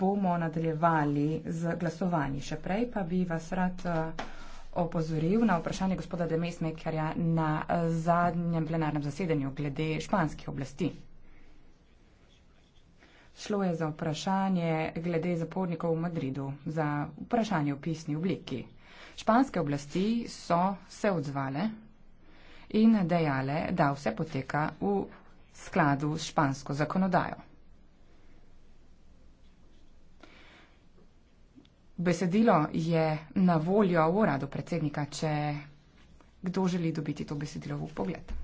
bomo nadaljevali z glasovanji. Še prej pa bi vas rad eh, opozoril na vprašanje gospoda Demesmekerja na eh, zadnjem plenarnem zasedanju glede španskih oblasti. Šlo je za vprašanje glede zapornikov v Madridu, za vprašanje v pisni obliki. Španske oblasti so se odzvale in dejale, da vse poteka v skladu s špansko zakonodajo. Besedilo je na voljo v uradu predsednika, če kdo želi dobiti to besedilo v pogled.